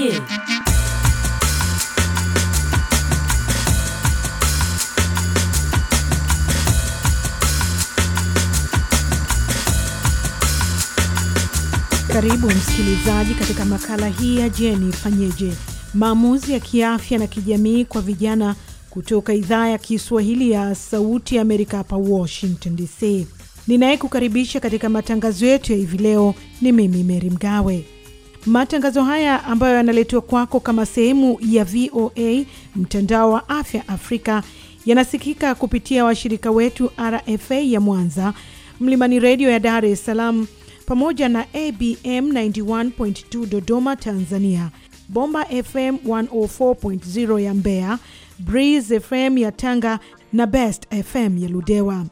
you. Karibu msikilizaji katika makala hii ya Je, nifanyeje? Maamuzi ya kiafya na kijamii kwa vijana kutoka idhaa ya Kiswahili ya Sauti ya Amerika hapa Washington DC. Ninayekukaribisha katika matangazo yetu ya hivi leo ni mimi Meri Mgawe. Matangazo haya ambayo yanaletwa kwako kama sehemu ya VOA mtandao wa afya Afrika yanasikika kupitia washirika wetu RFA ya Mwanza, Mlimani Redio ya Dar es Salaam, pamoja na ABM 91.2 Dodoma Tanzania, Bomba FM 104.0 ya Mbeya, Breeze FM ya Tanga na Best FM ya Ludewa.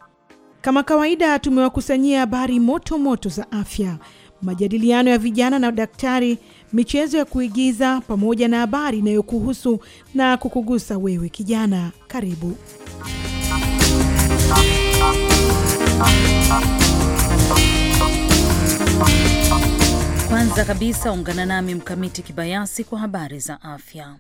Kama kawaida, tumewakusanyia habari moto moto za afya majadiliano ya vijana na daktari, michezo ya kuigiza pamoja na habari inayokuhusu na kukugusa wewe kijana. Karibu. Kwanza kabisa ungana nami Mkamiti Kibayasi kwa habari za afya.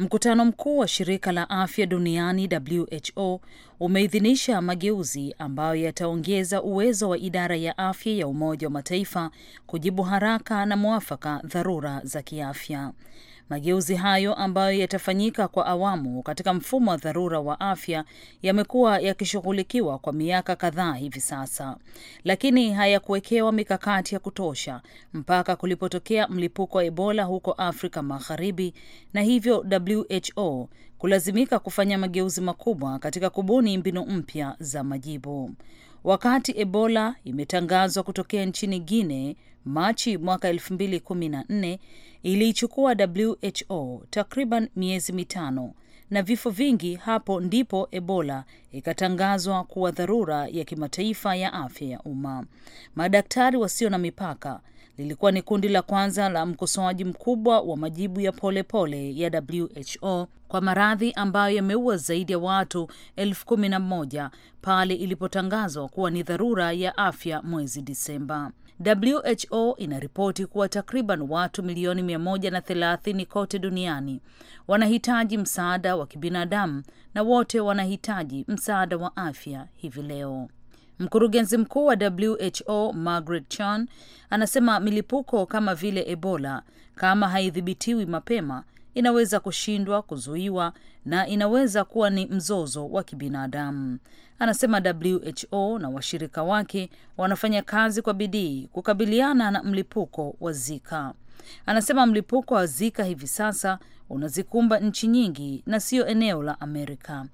Mkutano mkuu wa shirika la afya duniani WHO umeidhinisha mageuzi ambayo yataongeza uwezo wa idara ya afya ya Umoja wa Mataifa kujibu haraka na mwafaka dharura za kiafya. Mageuzi hayo ambayo yatafanyika kwa awamu katika mfumo wa dharura wa afya yamekuwa yakishughulikiwa kwa miaka kadhaa hivi sasa, lakini hayakuwekewa mikakati ya kutosha mpaka kulipotokea mlipuko wa Ebola huko Afrika Magharibi, na hivyo WHO kulazimika kufanya mageuzi makubwa katika kubuni mbinu mpya za majibu. Wakati Ebola imetangazwa kutokea nchini Guinea Machi mwaka 2014, iliichukua WHO takriban miezi mitano na vifo vingi. Hapo ndipo Ebola ikatangazwa kuwa dharura ya kimataifa ya afya ya umma. Madaktari Wasio na Mipaka lilikuwa ni kundi la kwanza la mkosoaji mkubwa wa majibu ya polepole pole ya WHO kwa maradhi ambayo yameua zaidi ya watu elfu kumi na moja pale ilipotangazwa kuwa ni dharura ya afya mwezi Disemba. WHO inaripoti kuwa takriban watu milioni 130 kote duniani wanahitaji msaada wa kibinadamu na wote wanahitaji msaada wa afya hivi leo. Mkurugenzi mkuu wa WHO Margaret Chan anasema milipuko kama vile Ebola, kama haidhibitiwi mapema, inaweza kushindwa kuzuiwa na inaweza kuwa ni mzozo wa kibinadamu. Anasema WHO na washirika wake wanafanya kazi kwa bidii kukabiliana na mlipuko wa Zika. Anasema mlipuko wa Zika hivi sasa unazikumba nchi nyingi na siyo eneo la Amerika,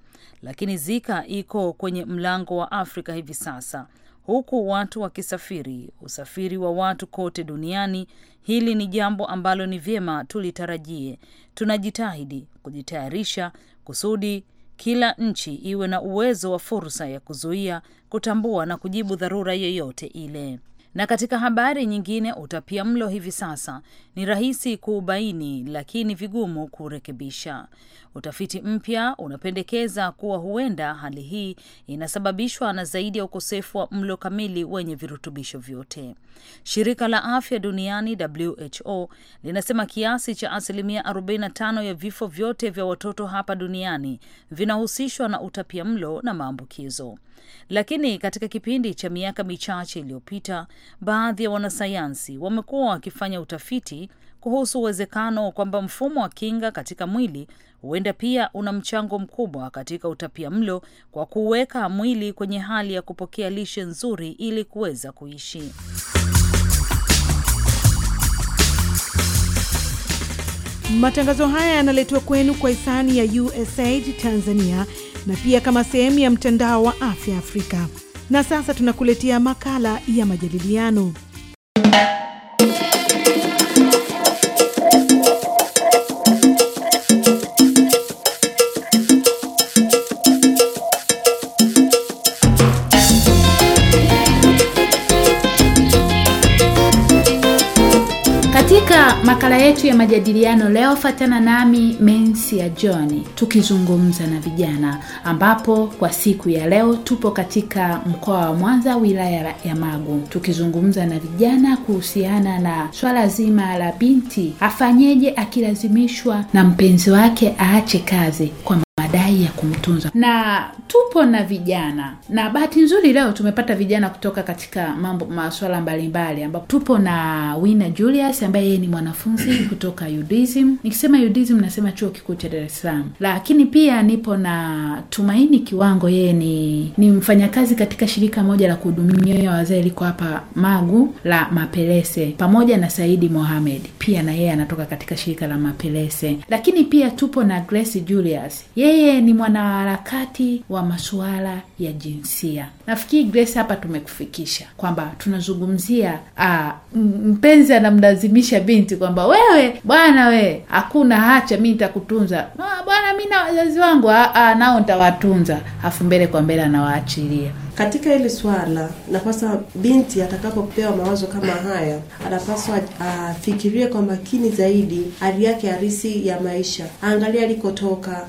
lakini Zika iko kwenye mlango wa Afrika hivi sasa, huku watu wakisafiri, usafiri wa watu kote duniani. Hili ni jambo ambalo ni vyema tulitarajie. Tunajitahidi kujitayarisha kusudi kila nchi iwe na uwezo wa fursa ya kuzuia, kutambua na kujibu dharura yoyote ile. Na katika habari nyingine, utapia mlo hivi sasa ni rahisi kuubaini, lakini vigumu kurekebisha. Utafiti mpya unapendekeza kuwa huenda hali hii inasababishwa na zaidi ya ukosefu wa mlo kamili wenye virutubisho vyote. Shirika la afya duniani WHO linasema kiasi cha asilimia 45 ya vifo vyote vya watoto hapa duniani vinahusishwa na utapia mlo na maambukizo. Lakini katika kipindi cha miaka michache iliyopita, baadhi ya wanasayansi wamekuwa wakifanya utafiti kuhusu uwezekano kwamba mfumo wa kinga katika mwili huenda pia una mchango mkubwa katika utapia mlo kwa kuweka mwili kwenye hali ya kupokea lishe nzuri ili kuweza kuishi. Matangazo haya yanaletwa kwenu kwa hisani ya USAID Tanzania na pia kama sehemu ya mtandao wa afya Afrika. Na sasa tunakuletea makala ya majadiliano makala yetu ya majadiliano leo, fatana nami Mensi ya John tukizungumza na vijana, ambapo kwa siku ya leo tupo katika mkoa wa Mwanza, wilaya ya Magu, tukizungumza na vijana kuhusiana na swala zima la binti afanyeje akilazimishwa na mpenzi wake aache kazi kwa hali ya kumtunza, na tupo na vijana, na bahati nzuri leo tumepata vijana kutoka katika mambo maswala mbalimbali, ambapo tupo na Wina Julius ambaye yeye ni mwanafunzi kutoka udism Nikisema udism nasema chuo kikuu cha Dar es Salaam, lakini pia nipo na Tumaini Kiwango, yeye ni ni mfanyakazi katika shirika moja la kuhudumia wazee liko hapa Magu la Mapelese, pamoja na Saidi Mohamed, pia na yeye anatoka katika shirika la Mapelese. Lakini pia tupo na Grace Julius, yeye ni mwanaharakati wa masuala ya jinsia. Nafikiri Grace, hapa tumekufikisha kwamba tunazungumzia ah, mpenzi anamlazimisha binti kwamba wewe bwana, we hakuna hacha, mi nitakutunza ah, bwana, mi na wazazi wangu ah, nao ntawatunza afu mbele kwa mbele anawaachilia katika hili swala. Na kwasa binti atakapopewa mawazo kama haya, anapaswa afikirie kwa makini zaidi hali yake harisi ya maisha, aangalie alikotoka,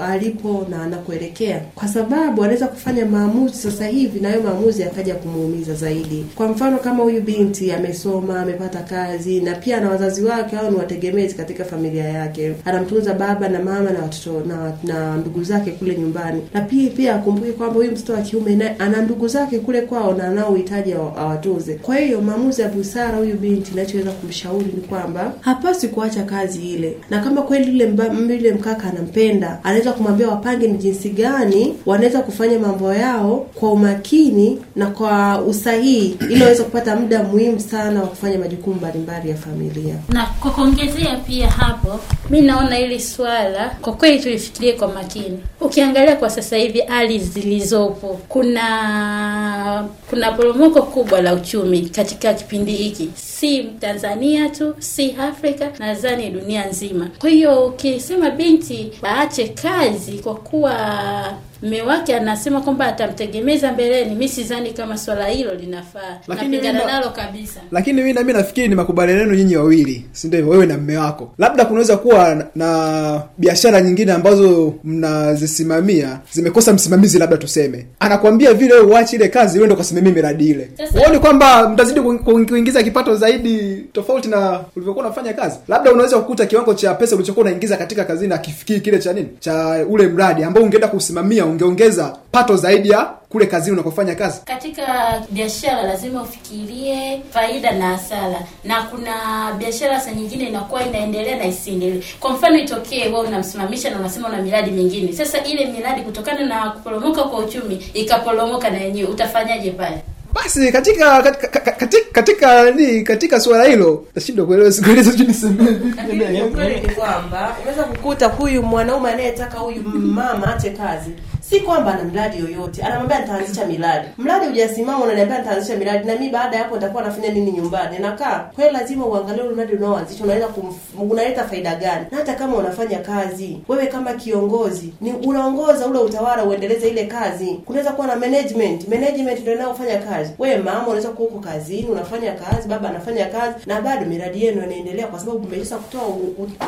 alipo na anakuelekea, kwa sababu anaweza kufanya maamuzi sasa hivi na hayo maamuzi akaja kumuumiza zaidi. Kwa mfano, kama huyu binti amesoma, amepata kazi na pia ana wazazi wake au ni wategemezi katika familia yake, anamtunza baba na mama na watoto na, na ndugu zake kule nyumbani, na pia pia akumbuke kwamba huyu mtoto wa kiume naye ana ndugu zake kule kwao na nao uhitaji awatuze. Kwa hiyo maamuzi ya busara huyu binti, nachoweza kumshauri ni kwamba hapasi kuacha kazi ile, na kama kweli ile yule mkaka anampenda, anaweza kumwambia wapange ni jinsi gani wanaweza kufanya mambo yao kwa umakini na kwa usahihi, ili waweze kupata muda muhimu sana wa kufanya majukumu mbalimbali ya familia. Na kwa kuongezea pia hapo, mi naona hili swala kwa kweli tulifikirie kwa makini. Ukiangalia kwa sasa hivi hali zilizopo, kuna kuna poromoko kubwa la uchumi katika kipindi hiki, si Tanzania tu, si Afrika, nadhani dunia nzima. Kwa hiyo ukisema binti aache kazi kwa kuwa mme wake anasema kwamba atamtegemeza mbeleni. mi sizani kama swala hilo linafaa, napigana nalo kabisa. Lakini mi nami nafikiri ni makubaliano yenu nyinyi wawili, si ndio hivyo? Wewe na mme wako, labda kunaweza kuwa na biashara nyingine ambazo mnazisimamia zimekosa msimamizi, labda tuseme, anakwambia vile wewe uache ile kazi, wewe ndio kasimamia miradi ile. Huoni kwamba mtazidi kuingiza kipato zaidi tofauti na ulivyokuwa unafanya kazi? Labda unaweza kukuta kiwango cha pesa ulichokuwa unaingiza katika kazini akifikii kile cha nini cha ule mradi ambao ungeenda kusimamia ungeongeza pato zaidi ya kule kazini unakofanya kazi. Katika biashara lazima ufikirie faida na hasara, na kuna biashara saa nyingine inakuwa inaendelea na isiendelee. Kwa mfano, itokee wewe unamsimamisha na unasema una miradi mingine, sasa ile miradi kutokana na kuporomoka kwa uchumi ikaporomoka na yenyewe, utafanyaje pale? Basi katika katika katika ni, katika suala hilo nashindwa kuelewa, siku hizo ni kwamba unaweza kukuta huyu mwanaume anayetaka huyu mama ate kazi si kwamba ana mradi yoyote, anamwambia nitaanzisha miradi. Mradi hujasimama unaniambia nitaanzisha miradi, na mimi baada ya hapo nitakuwa nafanya nini nyumbani? Nakaa kweli, lazima uangalie ule mradi unaoanzisha unaweza unaleta faida gani, na hata kama unafanya kazi wewe kama kiongozi ni unaongoza ule utawala uendeleze ile kazi. Kunaweza kuwa na management, management ndio inayofanya kazi. Wewe mama unaweza kuwa huko kazini unafanya kazi, baba anafanya kazi, na bado miradi yenu inaendelea, kwa sababu mmeweza kutoa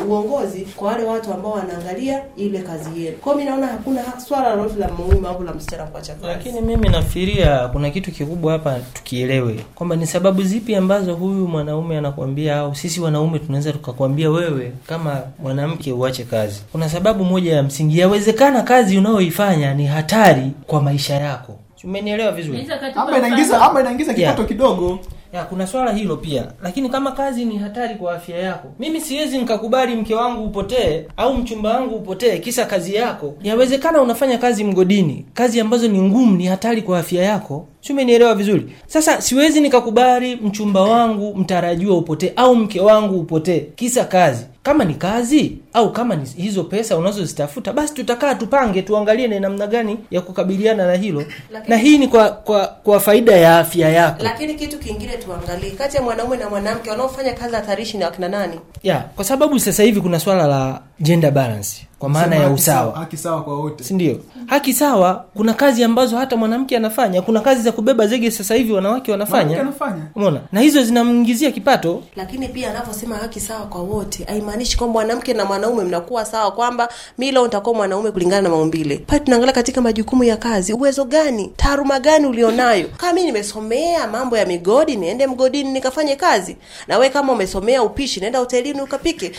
uongozi kwa wale watu ambao wanaangalia ile kazi yenu. Kwa mimi naona hakuna swala ambavyo la muhimu au la msichana kuacha kazi. Lakini mimi nafikiria kuna kitu kikubwa hapa tukielewe kwamba ni sababu zipi ambazo huyu mwanaume anakuambia au sisi wanaume tunaweza tukakwambia wewe kama mwanamke uache kazi. Kuna sababu moja ya msingi, yawezekana kazi unayoifanya ni hatari kwa maisha yako. Umenielewa vizuri? Ama inaingiza ama inaingiza kipato yeah, kidogo ya kuna swala hilo pia, lakini kama kazi ni hatari kwa afya yako, mimi siwezi nikakubali mke wangu upotee au mchumba wangu upotee kisa kazi yako. Yawezekana unafanya kazi mgodini, kazi ambazo ni ngumu, ni hatari kwa afya yako si umenielewa vizuri sasa siwezi nikakubali mchumba wangu mtarajiwa upotee au mke wangu upotee kisa kazi kama ni kazi au kama ni hizo pesa unazozitafuta basi tutakaa tupange tuangalie na namna gani ya kukabiliana na hilo lakini, na hii ni kwa kwa kwa faida ya afya yako lakini kitu kingine tuangalie kati ya mwanaume na mwanamke wanaofanya kazi hatarishi na wakina nani ya yeah, kwa sababu sasa hivi kuna swala la gender balance kwa maana ya usawa haki sawa kwa wote sindio haki sawa kuna kazi ambazo hata mwanamke anafanya kuna kazi za kubeba zege sasa hivi wanawake wanafanya umeona na hizo zinamwingizia kipato lakini pia anavyosema haki sawa kwa wote haimaanishi kwamba mwanamke na mwanaume mnakuwa sawa kwamba mi leo nitakuwa mwanaume kulingana na maumbile pale tunaangalia katika majukumu ya kazi uwezo gani taaruma gani ulionayo kama mi nimesomea mambo ya migodi niende mgodini nikafanye kazi na we kama umesomea upishi naenda hotelini ukapike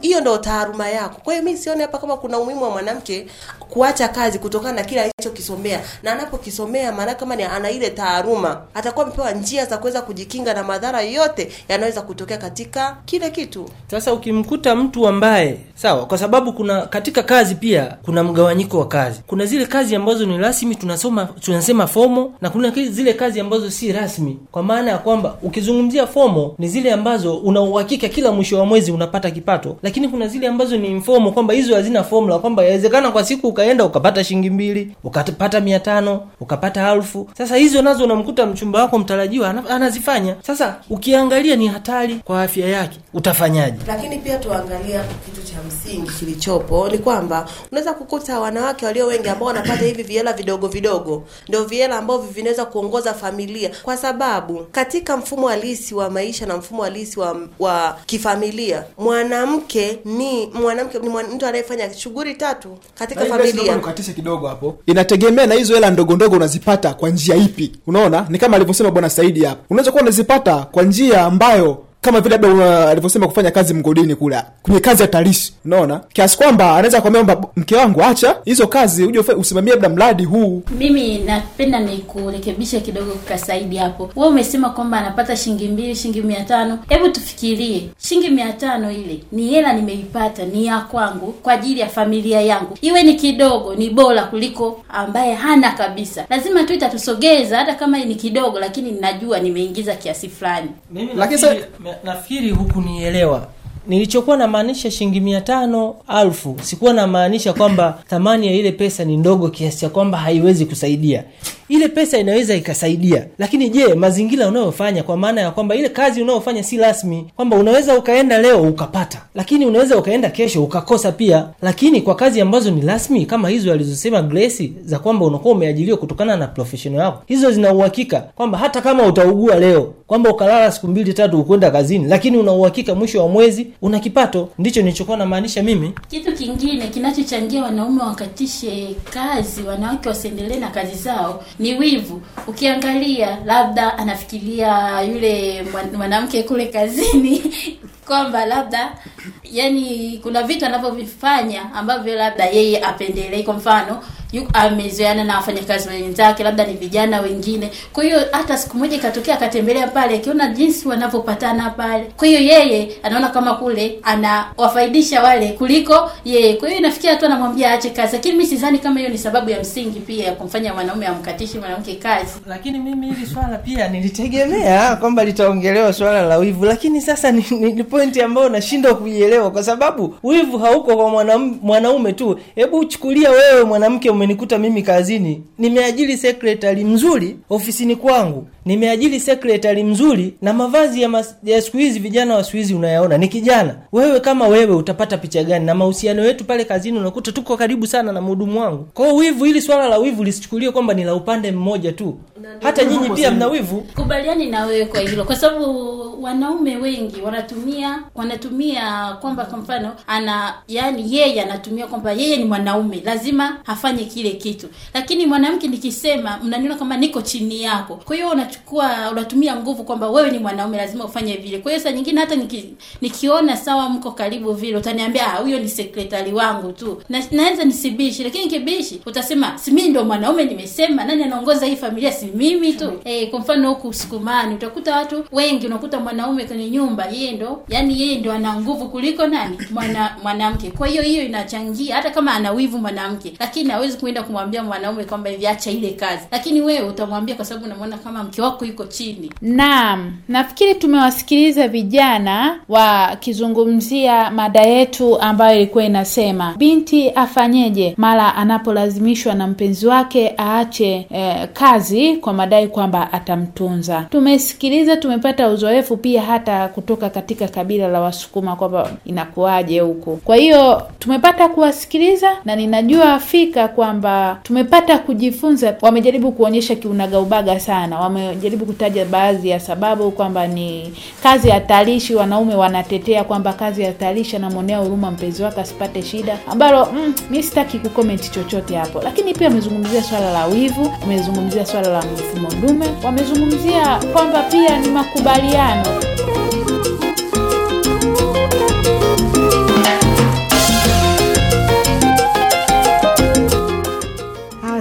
hiyo ndo taaruma yako kwa hiyo mi sione hapa kama kuna umuhimu wa mwanamke kuacha kazi kutokana na kile alichokisomea, na anapokisomea, maana kama ni ana ile taaruma, atakuwa amepewa njia za kuweza kujikinga na madhara yote yanaweza kutokea katika kile kitu. Sasa ukimkuta mtu ambaye sawa, kwa sababu kuna katika kazi pia kuna mgawanyiko wa kazi, kuna zile kazi ambazo ni rasmi tunasoma tunasema fomo, na kuna zile kazi ambazo si rasmi, kwa maana ya kwamba ukizungumzia fomo ni zile ambazo una uhakika kila mwisho wa mwezi unapata kipato, lakini kuna zile ambazo ni informo, kwamba hizo hazina formula, kwamba yawezekana kwa siku ukaenda ukapata shilingi mbili ukapata mia tano ukapata alfu. Sasa hizo nazo unamkuta mchumba wako mtarajiwa anazifanya. Sasa ukiangalia ni hatari kwa afya yake, utafanyaje? Lakini pia tuangalia kitu cha msingi kilichopo ni kwamba unaweza kukuta wanawake walio wengi ambao wanapata hivi viela vidogo vidogo, ndio viela ambavyo vinaweza kuongoza familia, kwa sababu katika mfumo halisi wa maisha na mfumo halisi wa, wa kifamilia mwanamke ni mwanamke ni mtu anayefanya shughuli tatu katika familia nikatishe kidogo hapo, inategemea na hizo hela ndogo ndogo unazipata kwa njia ipi. Unaona, ni kama alivyosema bwana Saidi hapa, unaweza kuwa unazipata kwa njia ambayo kama vile labda uh, alivyosema kufanya kazi mgodini kula kwenye kazi ya tarishi, unaona kiasi kwamba anaweza kuambia kwamba mke wangu, acha hizo kazi, uje usimamie labda mradi huu. Mimi napenda nikurekebisha kidogo kwa Saidi hapo. Wewe umesema kwamba anapata shilingi mbili, shilingi mia tano. Hebu tufikirie, shilingi mia tano ile ni hela nimeipata, ni ya kwangu kwa ajili ya familia yangu, iwe ni kidogo, ni bora kuliko ambaye hana kabisa. Lazima tu itatusogeza, hata kama ni kidogo, lakini ninajua nimeingiza kiasi fulani, lakini nafikiri hukunielewa nilichokuwa namaanisha shilingi mia tano alfu sikuwa namaanisha kwamba thamani ya ile pesa ni ndogo kiasi cha kwamba haiwezi kusaidia ile pesa inaweza ikasaidia lakini je mazingira unayofanya kwa maana ya kwamba ile kazi unayofanya si rasmi kwamba unaweza ukaenda leo ukapata lakini unaweza ukaenda kesho ukakosa pia lakini kwa kazi ambazo ni rasmi kama hizo alizosema grace za kwamba unakuwa umeajiliwa kutokana na professional yako hizo zina uhakika kwamba hata kama utaugua leo kwamba ukalala siku mbili tatu ukwenda kazini lakini una uhakika mwisho wa mwezi una kipato. Ndicho nilichokuwa namaanisha mimi. Kitu kingine kinachochangia wanaume wakatishe kazi, wanawake wasiendelee na kazi zao ni wivu. Ukiangalia, labda anafikiria yule mwanamke kule kazini kwamba labda yani kuna vitu anavyovifanya ambavyo labda yeye apendelei, kwa mfano amezoeana na wafanyakazi wenzake, labda ni vijana wengine. Kwa hiyo hata siku moja ikatokea akatembelea pale, akiona jinsi wanavyopatana pale, kwa hiyo yeye anaona kama kule anawafaidisha wale kuliko yeye. Kwa hiyo inafikia hatua anamwambia aache kazi, lakini mi sidhani kama hiyo ni sababu ya msingi pia ya kumfanya mwanaume amkatishi mwanamke kazi. Lakini mimi hili swala pia nilitegemea kwamba litaongelewa swala la wivu, lakini sasa ni, ni, ni pointi ambayo nashindwa kuielewa, kwa sababu wivu hauko kwa mwanaume mwanaume tu. Hebu chukulia wewe mwanamke umenikuta mimi kazini, nimeajiri sekretari mzuri ofisini kwangu, nimeajiri sekretari mzuri na mavazi ya, mas, ya siku hizi vijana wa siku hizi unayaona ni kijana. Wewe kama wewe utapata picha gani? Na mahusiano yetu pale kazini unakuta tuko karibu sana na mhudumu wangu. Kwa hiyo wivu, ili swala la wivu lisichukulie kwamba ni la upande mmoja tu, hata nyinyi pia mna wivu. Kubaliani na wewe kwa hilo, kwa sababu wanaume wengi wanatumia wanatumia kwamba kwa mfano ana yani yeye anatumia kwamba yeye ni mwanaume lazima afanye kile kitu, lakini mwanamke nikisema mnaniona kama niko chini yako, kwa hiyo unachukua unachukua unatumia nguvu kwamba wewe ni mwanaume lazima ufanye vile. Kwa hiyo saa nyingine hata niki, nikiona sawa mko karibu vile utaniambia ah, huyo ni sekretari wangu tu. Na, naanza nisibishi lakini kibishi utasema si mimi ndio mwanaume nimesema, nani anaongoza hii familia si mimi tu. Mm. Eh, kwa mfano huku Sukumani utakuta watu wengi unakuta mwanaume kwenye nyumba yeye ndo yani yeye ndo ana nguvu kuliko nani mwana mwanamke. Kwa hiyo hiyo inachangia hata kama ana wivu mwanamke, lakini hawezi kuenda kumwambia mwanaume kwamba hivi acha ile kazi. Lakini wewe utamwambia kwa sababu unamwona kama mke wako iko chini. Naam, nafikiri tumewasikiliza vijana wakizungumzia mada yetu ambayo ilikuwa inasema binti afanyeje mara anapolazimishwa na mpenzi wake aache eh, kazi kwa madai kwamba atamtunza. Tumesikiliza, tumepata uzoefu pia hata kutoka katika kabila la Wasukuma kwamba inakuwaje huko. Kwa hiyo tumepata kuwasikiliza na ninajua fika kwamba tumepata kujifunza. Wamejaribu kuonyesha kiunagaubaga sana wame amejaribu kutaja baadhi ya sababu kwamba ni kazi hatarishi. Wanaume wanatetea kwamba kazi hatarishi, anamwonea huruma mpenzi wake asipate shida, ambalo mm, mi sitaki kukomenti chochote hapo. Lakini pia wamezungumzia swala la wivu, wamezungumzia swala la mfumo dume, wamezungumzia kwamba pia ni makubaliano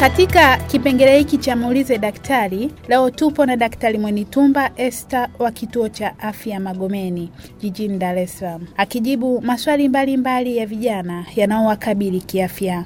Katika kipengele hiki cha muulize daktari, leo tupo na Daktari Mwenitumba este wa kituo cha afya Magomeni jijini Dar es Salaam, akijibu maswali mbalimbali mbali ya vijana yanaowakabili kiafya.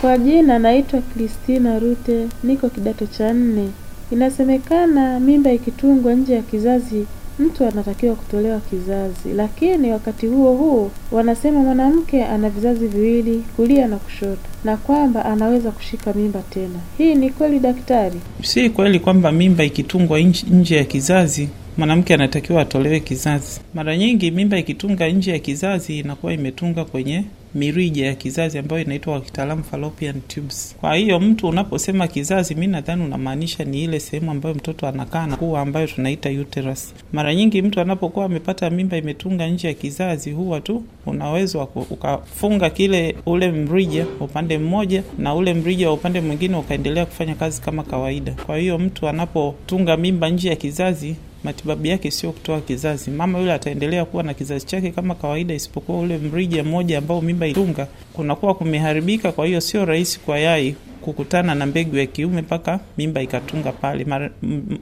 Kwa jina naitwa Kristina Rute, niko kidato cha nne. Inasemekana mimba ikitungwa nje ya kizazi mtu anatakiwa kutolewa kizazi, lakini wakati huo huo wanasema mwanamke ana vizazi viwili, kulia na kushoto, na kwamba anaweza kushika mimba tena. Hii ni kweli daktari? Si kweli kwamba mimba ikitungwa nje ya kizazi mwanamke anatakiwa atolewe kizazi. Mara nyingi mimba ikitunga nje ya kizazi inakuwa imetunga kwenye mirija ya kizazi ambayo inaitwa kwa kitaalamu fallopian tubes. Kwa hiyo mtu unaposema kizazi, mi nadhani unamaanisha ni ile sehemu ambayo mtoto anakaa na kuwa, ambayo tunaita uterus. Mara nyingi mtu anapokuwa amepata mimba imetunga nje ya kizazi, huwa tu unaweza ukafunga kile ule mrija upande mmoja na ule mrija wa upande mwingine ukaendelea kufanya kazi kama kawaida. Kwa hiyo mtu anapotunga mimba nje ya kizazi matibabu yake sio kutoa kizazi. Mama yule ataendelea kuwa na kizazi chake kama kawaida, isipokuwa ule mrija mmoja ambao mimba itunga kunakuwa kumeharibika, kwa hiyo sio rahisi kwa yai kukutana na mbegu ya kiume mpaka mimba ikatunga pale.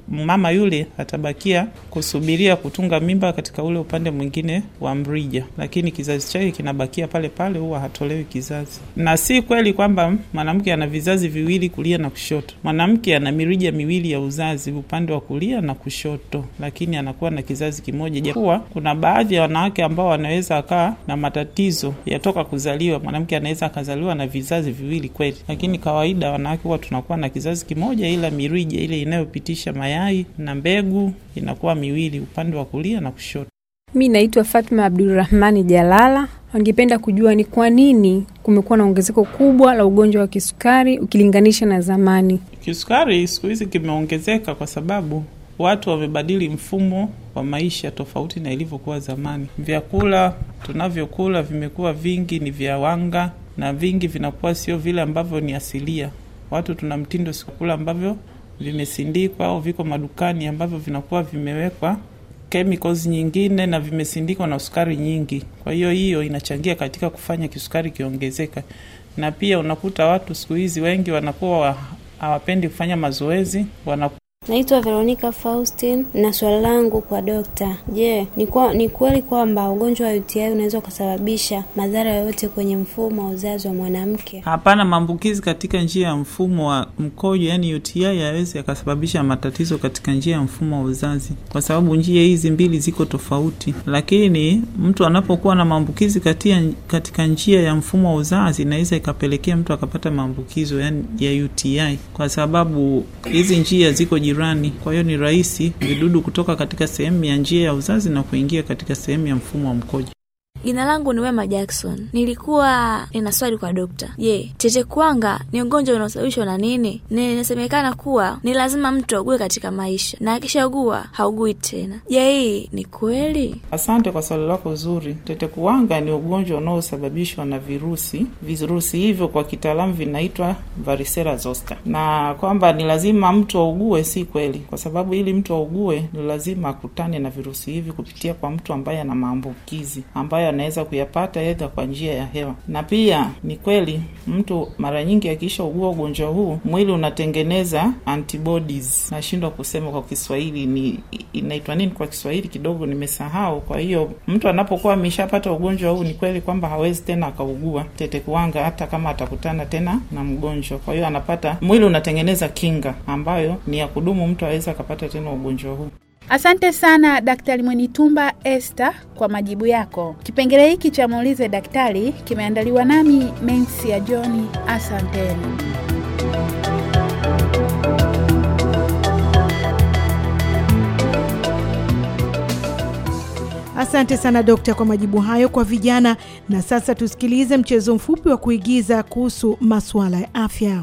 mama yule atabakia kusubiria kutunga mimba katika ule upande mwingine wa mrija, lakini kizazi chake kinabakia pale pale, huwa hatolewi kizazi. Na si kweli kwamba mwanamke ana vizazi viwili, kulia na kushoto. Mwanamke ana mirija miwili ya uzazi, upande wa kulia na kushoto, lakini anakuwa na kizazi kimoja, japokuwa kuna baadhi ya wanawake ambao wanaweza akaa na matatizo yatoka kuzaliwa. Mwanamke anaweza akazaliwa na vizazi viwili kweli, lakini kawaida kawaida wanawake huwa tunakuwa na kizazi kimoja, ila mirija ile inayopitisha mayai na mbegu inakuwa miwili, upande wa kulia na kushoto. Mi naitwa Fatma Abdurrahmani Jalala. Wangependa kujua ni kwa nini kumekuwa na ongezeko kubwa la ugonjwa wa kisukari ukilinganisha na zamani. Kisukari siku hizi kimeongezeka kwa sababu watu wamebadili mfumo wa maisha tofauti na ilivyokuwa zamani. Vyakula tunavyokula vimekuwa vingi ni vya wanga na vingi vinakuwa sio vile ambavyo ni asilia. Watu tuna mtindo sikukula ambavyo vimesindikwa au viko madukani ambavyo vinakuwa vimewekwa chemicals nyingine na vimesindikwa na sukari nyingi. Kwa hiyo hiyo inachangia katika kufanya kisukari kiongezeka, na pia unakuta watu siku hizi wengi wanakuwa hawapendi kufanya mazoezi wanaku Naitwa Veronica Faustin na swali langu kwa dokta, je, ni kweli kwamba ugonjwa wa UTI unaweza ukasababisha madhara yoyote kwenye mfumo wa uzazi wa mwanamke? Hapana, maambukizi katika njia ya mfumo wa mkojo, yani UTI, hayawezi yakasababisha matatizo katika njia ya mfumo wa uzazi, kwa sababu njia hizi mbili ziko tofauti. Lakini mtu anapokuwa na maambukizi katika njia ya mfumo wa uzazi, inaweza ikapelekea mtu akapata maambukizo yani ya UTI, kwa sababu hizi njia ziko jirani. Kwa hiyo ni rahisi vidudu kutoka katika sehemu ya njia ya uzazi na kuingia katika sehemu ya mfumo wa mkojo. Jina langu ni Wema Jackson. Nilikuwa nina swali kwa dokta. Je, tetekuwanga ni ugonjwa unaosababishwa na nini? ninasemekana kuwa ni lazima mtu augue katika maisha na akishaugua haugui tena. Je, hii ni kweli? Asante kwa swali lako zuri. Tetekuwanga ni ugonjwa unaosababishwa na virusi. Virusi hivyo kwa kitaalamu vinaitwa varisera zoster, na kwamba ni lazima mtu augue, si kweli, kwa sababu ili mtu augue ni lazima akutane na virusi hivi kupitia kwa mtu ambaye ana maambukizi ambayo anaweza kuyapata edha kwa njia ya hewa. Na pia ni kweli mtu mara nyingi akiisha ugua ugonjwa huu mwili unatengeneza antibodies, nashindwa kusema kwa Kiswahili ni inaitwa nini kwa Kiswahili, kidogo nimesahau. Kwa hiyo mtu anapokuwa ameshapata ugonjwa huu, ni kweli kwamba hawezi tena akaugua tetekuanga hata kama atakutana tena na mgonjwa. Kwa hiyo anapata, mwili unatengeneza kinga ambayo ni ya kudumu, mtu aweza akapata tena ugonjwa huu. Asante sana Daktari Mwenitumba Esther kwa majibu yako. Kipengele hiki cha muulize daktari kimeandaliwa nami Mensi ya John. Asanteni. Asante sana dokta kwa majibu hayo kwa vijana. Na sasa tusikilize mchezo mfupi wa kuigiza kuhusu masuala ya afya.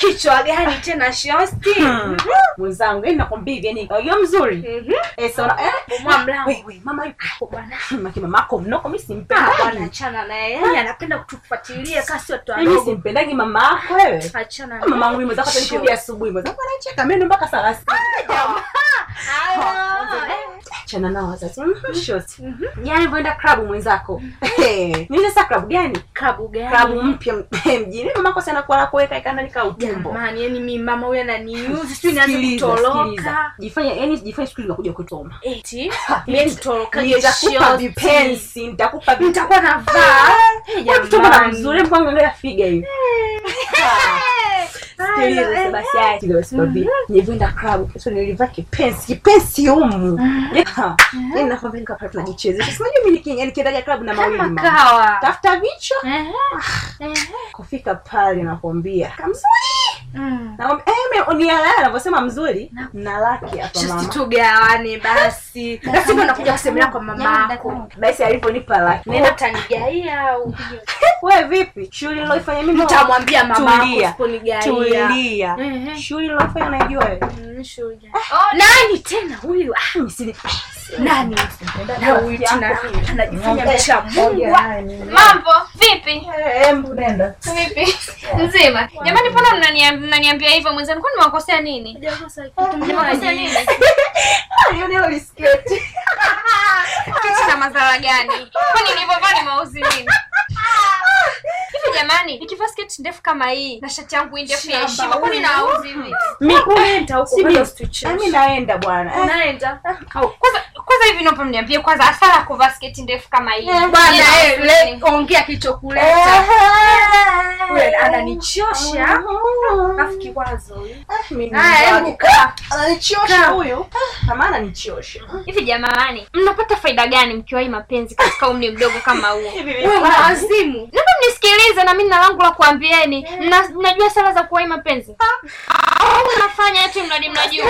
kichwa gani tena shosti hmm. mhm. mwenzangu yani nakwambia hivi yani hiyo mzuri mhm. Eh, sona eh, mama mlango wewe mama yuko bwana maki mako mnoko mimi simpenda ah, bwana achana naye yani ah. anapenda kutufuatilia kasi sio watu mimi simpendagi mama yako wewe achana ah, naye mama wangu mwenzako atanishuhudia asubuhi mwenzako anacheka mimi mpaka saa 6 jamaa kuchana nao wazazi mm -hmm. short mm -hmm. jana yaani nilipoenda klabu mwenzako nini mhm. sasa klabu gani klabu gani klabu mpya mjini mama kwa sana kwa kuweka ikanda nika utumbo jamani yani mimi mama huyu ananiuzi sio anza kutoroka jifanya yani jifanye siku kuja kutoma eti mimi nitoroka kupa vipensi nitakupa nitakuwa navaa hey jamani mtoto mzuri mpango ndio figa hiyo eh sikiliza basi, haya kidosi vichwa, kufika pale nakwambia mm. eh, anavyosema mzuri na basi. Na nakuja kusemea kwa mama yaani Basi aliponipa laki. Nenda vipi? Shughuli nilofanya mimi mtamwambia mama familia. Shughuli unafanya naijua wewe? Eh, oh, nani tena huyu? Ah, ah, nani? Anajifanya Mambo. Vipi? Eh, hebu nenda. Vipi? Nzima. Jamani, mbona mnaniambia hivyo mwenzangu? Kwani mwakosea nini? Ah, yaani kitu. na madhara gani? Kwani nilivyovaa ni mauzi nini? jamani, nikivaa skirt ndefu kama hii na shati yangu hii ndefu ya heshima, kwani hivi? Mimi yaani naenda bwana. Unaenda? Ah, kwanza kwanza hivi mniambie kwanza hasara kuvaa sketi ndefu kama hii. Eh, bwana, eh, ongea kicho kuleta ananichosha rafiki wazo eh, ananichosha huyu eh, kama nichosha hivi jamani mnapata faida gani mkiwahi mapenzi katika umri mdogo kama huo wazimu naomba mnisikilize na mimi na langu la kuambieni mnajua eh. sala za kuwahi mapenzi au mnafanya eti mradi mnajua.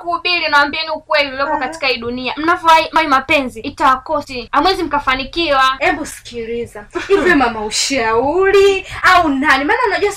kuhubiri naambieni ukweli ah. katika hii dunia. Mnafurahi mapenzi itawakosi. Amwezi mkafanikiwa. Hebu sikiliza. mama ushauri au nani? Maana unajua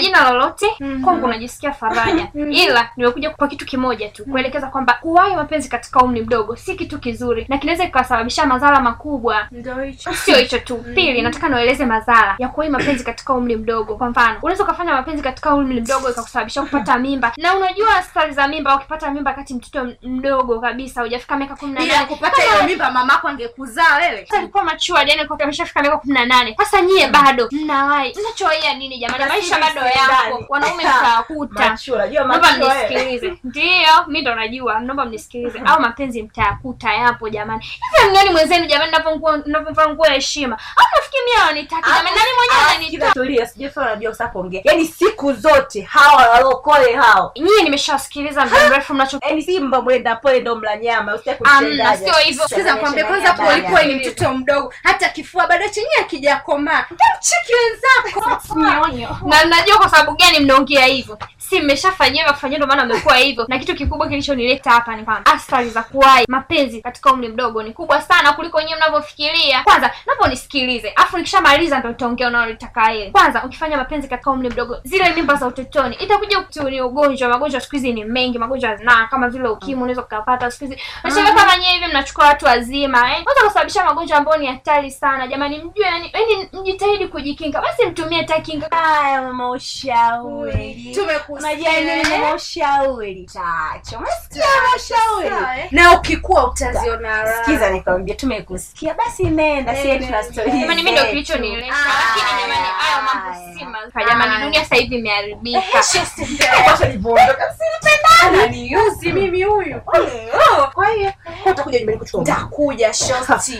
jina lolote mhm. kwangu unajisikia faraja. Mhm. Ila nimekuja kwa kitu kimoja tu mhm. kuelekeza kwamba kuwai mapenzi katika umri mdogo si kitu kizuri na kinaweza kikasababisha madhara makubwa. hicho. Sio hicho tu. Pili, nataka naeleze madhara ya kuwai mapenzi katika umri mdogo. Kwa mfano, unaweza ukafanya mapenzi katika umri mdogo ikakusababisha kupata mimba, na unajua athari za mimba. Ukipata mimba wakati mtoto mdogo kabisa, hujafika miaka kumi na nane, kupata hiyo mimba, mamako angekuzaa wewe. alikuwa machua, yani kwa ameshafika miaka kumi na nane. Sasa nyie mm. bado mnawai mnachoia nini jamani? Maisha bado yako, wanaume mtayakuta. Naomba mnisikilize, ndiyo mi ndo najua, naomba mnisikilize au mapenzi mtayakuta, yapo jamani. Hivi mnioni mwenzenu jamani, navyovaa nguo ya heshima au nafikiri mimi wanitaki ah, jamani, nani mwenyewe ah, ananitaka? Tulia, sijui unajua kuongea yani siku zote hawa walokole hao nyie nimeshasikiliza muda mrefu mnacho yani simba mwenda pole ndo mla nyama um, sio hivyo sikiza kwambia kwanza polipoi ni mtoto mdogo hata kifua bado chenyewe akijakomaa mcheki wenzako na najua kwa sababu gani mnaongea hivyo si mmeshafanyia makufanyia ndo maana mmekuwa hivyo na kitu kikubwa kilichonileta hapa ni kwamba athari za kuwai mapenzi katika umri mdogo ni kubwa sana kuliko wenyewe mnavyofikiria kwanza napo nisikilize afu nikishamaliza ndo nitaongea unaolitaka yeye kwanza ukifanya mapenzi katika katika umri mdogo, zile mimba za utotoni itakuja kutuni ugonjwa. Magonjwa siku hizi ni mengi, magonjwa na kama vile ukimwi mm. unaweza ukapata siku hizi mashauri kama nyewe hivi, mnachukua watu wazima eh, kwanza kusababisha magonjwa ambayo ni hatari sana. Jamani, mjue yani, yani mjitahidi kujikinga, basi mtumie takinga. Haya mama, ushauri tumekusikia nini? Eh? Mama ushauri chacho, umesikia ushauri, eh? na ukikua utaziona. Sikiza nikwambia, tumekusikia basi, nenda Sisi tuna story. Jamani, mimi ndio kilicho nileta, lakini jamani, haya mambo si mazuri imeharibika jamani, dunia sasa hivi imeharibika. Nitakuja shosti.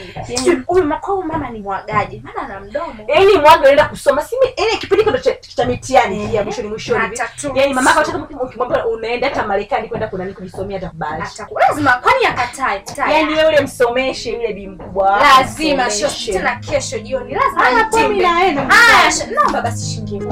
Huyu makao mama ni mwagaji. Maana ana mdomo. Yaani mwaga anaenda kusoma. Simi yaani kipindi kile cha mitihani ya mwisho ni mwisho hivi. Yaani mama yako ukimwambia unaenda hata Marekani kwenda kuna nini kujisomea atakubali. Lazima kwani akatae. Yaani wewe ule msomeshe ile bi mkubwa. Lazima shosti tena kesho jioni. Lazima mimi naenda. Ah, naomba basi shilingi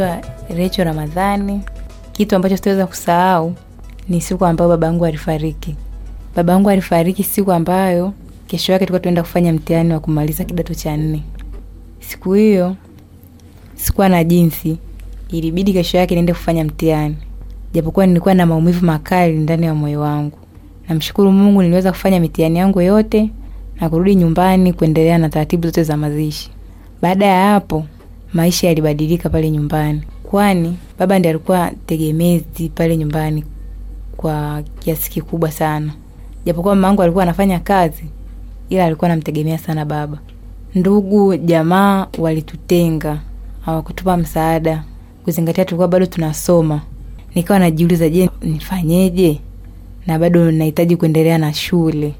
naitwa Recho Ramadhani. Kitu ambacho sitaweza kusahau ni siku ambayo babangu alifariki. Babangu alifariki siku ambayo kesho yake tulikuwa tunaenda kufanya mtihani wa kumaliza kidato cha nne. Siku hiyo sikuwa na jinsi, ilibidi kesho yake niende kufanya mtihani, japokuwa nilikuwa na maumivu makali ndani ya moyo wangu. Namshukuru Mungu, niliweza kufanya mitihani yangu yote na kurudi nyumbani kuendelea na taratibu zote za mazishi. Baada ya hapo maisha yalibadilika pale nyumbani, kwani baba ndiye alikuwa tegemezi pale nyumbani kwa kiasi kikubwa sana. Japokuwa mamangu alikuwa anafanya kazi, ila alikuwa anamtegemea sana baba. Ndugu jamaa walitutenga, hawakutupa msaada, kuzingatia tulikuwa bado tunasoma. Nikawa najiuliza, je, nifanyeje? na bado nahitaji kuendelea na shule.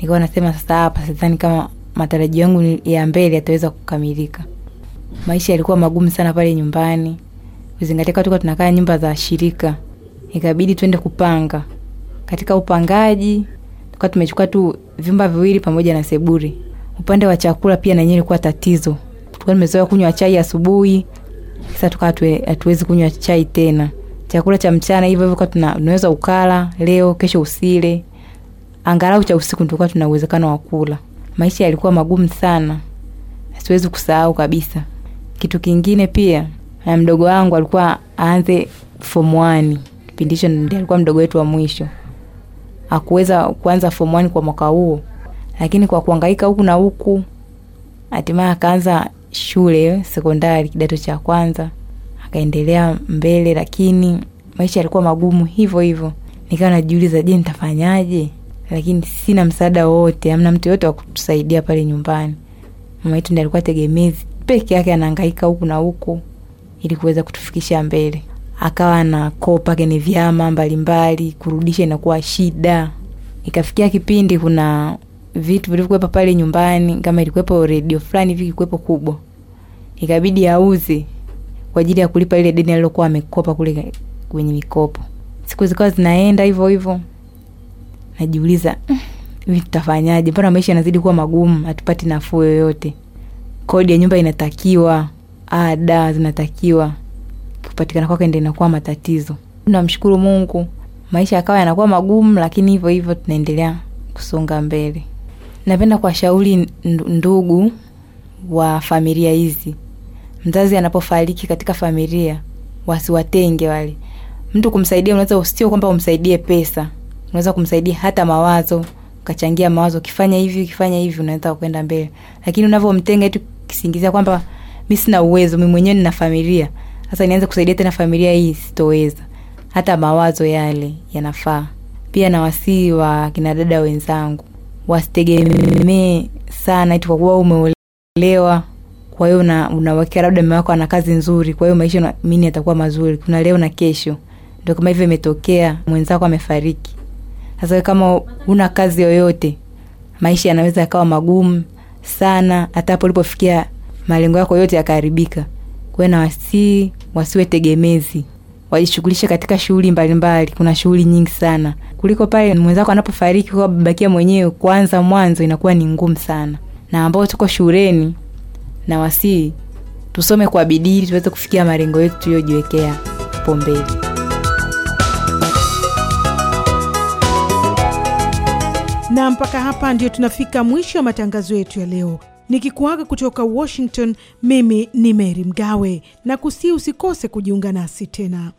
Nikawa nasema sasa, hapa sidhani kama matarajio yangu ya mbele yataweza kukamilika. Maisha yalikuwa magumu sana pale nyumbani, uzingatia tuka tunakaa nyumba za shirika, ikabidi twende kupanga. Katika upangaji tukawa tumechukua tu vyumba viwili pamoja na seburi. Upande wa chakula pia nanyewe ilikuwa tatizo, tuka tumezoea kunywa chai asubuhi, sasa tukawa hatuwezi kunywa chai tena. Chakula cha mchana hivyo hivyo, tunaweza ukala leo, kesho usile, angalau cha usiku tulikuwa tuna uwezekano wa kula. Maisha yalikuwa magumu sana, siwezi kusahau kabisa. Kitu kingine pia na eh, mdogo wangu alikuwa aanze form 1 kipindi hicho, ndiye alikuwa mdogo wetu wa mwisho. akuweza kuanza form 1 kwa mwaka huo, lakini kwa kuangaika huku na huku, hatimaye akaanza shule eh, sekondari kidato cha kwanza, akaendelea mbele, lakini maisha yalikuwa magumu hivyo hivyo. Nikawa najiuliza, je, nitafanyaje? Lakini sina msaada wowote, amna mtu yoyote wa kutusaidia pale nyumbani. Mama yetu ndi alikuwa tegemezi peke yake anaangaika huku na huku ili kuweza kutufikisha mbele. Akawa anakopa kwenye vyama mbalimbali, kurudisha inakuwa shida. Ikafikia kipindi kuna vitu vilivyokuwepo pale nyumbani, kama ilikuwepo redio fulani hivi kikuwepo kubwa, ikabidi auze kwa ajili ya kulipa ile deni alilokuwa amekopa kule kwenye mikopo. Siku zikawa zinaenda hivyo hivyo, najiuliza mm, vitu tutafanyaje? Mbona maisha yanazidi kuwa magumu, hatupati nafuu yoyote? kodi ya nyumba inatakiwa, ada zinatakiwa, kupatikana kwake ndo inakuwa matatizo. namshukuru Mungu, maisha yakawa yanakuwa magumu, lakini hivyo hivyo tunaendelea kusonga mbele. Napenda kuwashauri ndugu wa familia hizi, mzazi anapofariki katika familia wasiwatenge wale. Mtu kumsaidia, unaweza sio kwamba umsaidie pesa, unaweza kumsaidia hata mawazo, ukachangia mawazo, ukifanya hivi ukifanya hivi, unaweza kwenda mbele, lakini unavyomtenga tu kisingizia kwamba mi sina uwezo, mi mwenyewe nina familia, sasa nianze kusaidia tena familia hii, sitoweza. Hata mawazo yale yanafaa. Pia nawasihi wa kina dada wenzangu wasitegemee sana eti kwakuwa umeolewa kwa hiyo unawakia labda mewako ana kazi nzuri, kwa hiyo maisha mini yatakuwa mazuri, kuna leo na kesho. ndo kama hivyo imetokea, mwenzako amefariki. Sasa kama una kazi yoyote, maisha yanaweza yakawa magumu, sana hata hapo ulipofikia malengo yako yote yakaharibika. Kwa na nawasihi wasiwe tegemezi, wajishughulishe katika shughuli mbalimbali. Kuna shughuli nyingi sana kuliko pale mwenzako anapofariki kwa babakia mwenyewe, kwanza mwanzo inakuwa ni ngumu sana. Na ambao tuko shuleni, nawasihi tusome kwa bidii tuweze kufikia malengo yetu tuliyojiwekea pombeli na mpaka hapa ndio tunafika mwisho wa matangazo yetu ya leo, nikikuaga kutoka Washington. Mimi ni mery Mgawe na kusii, usikose kujiunga nasi tena.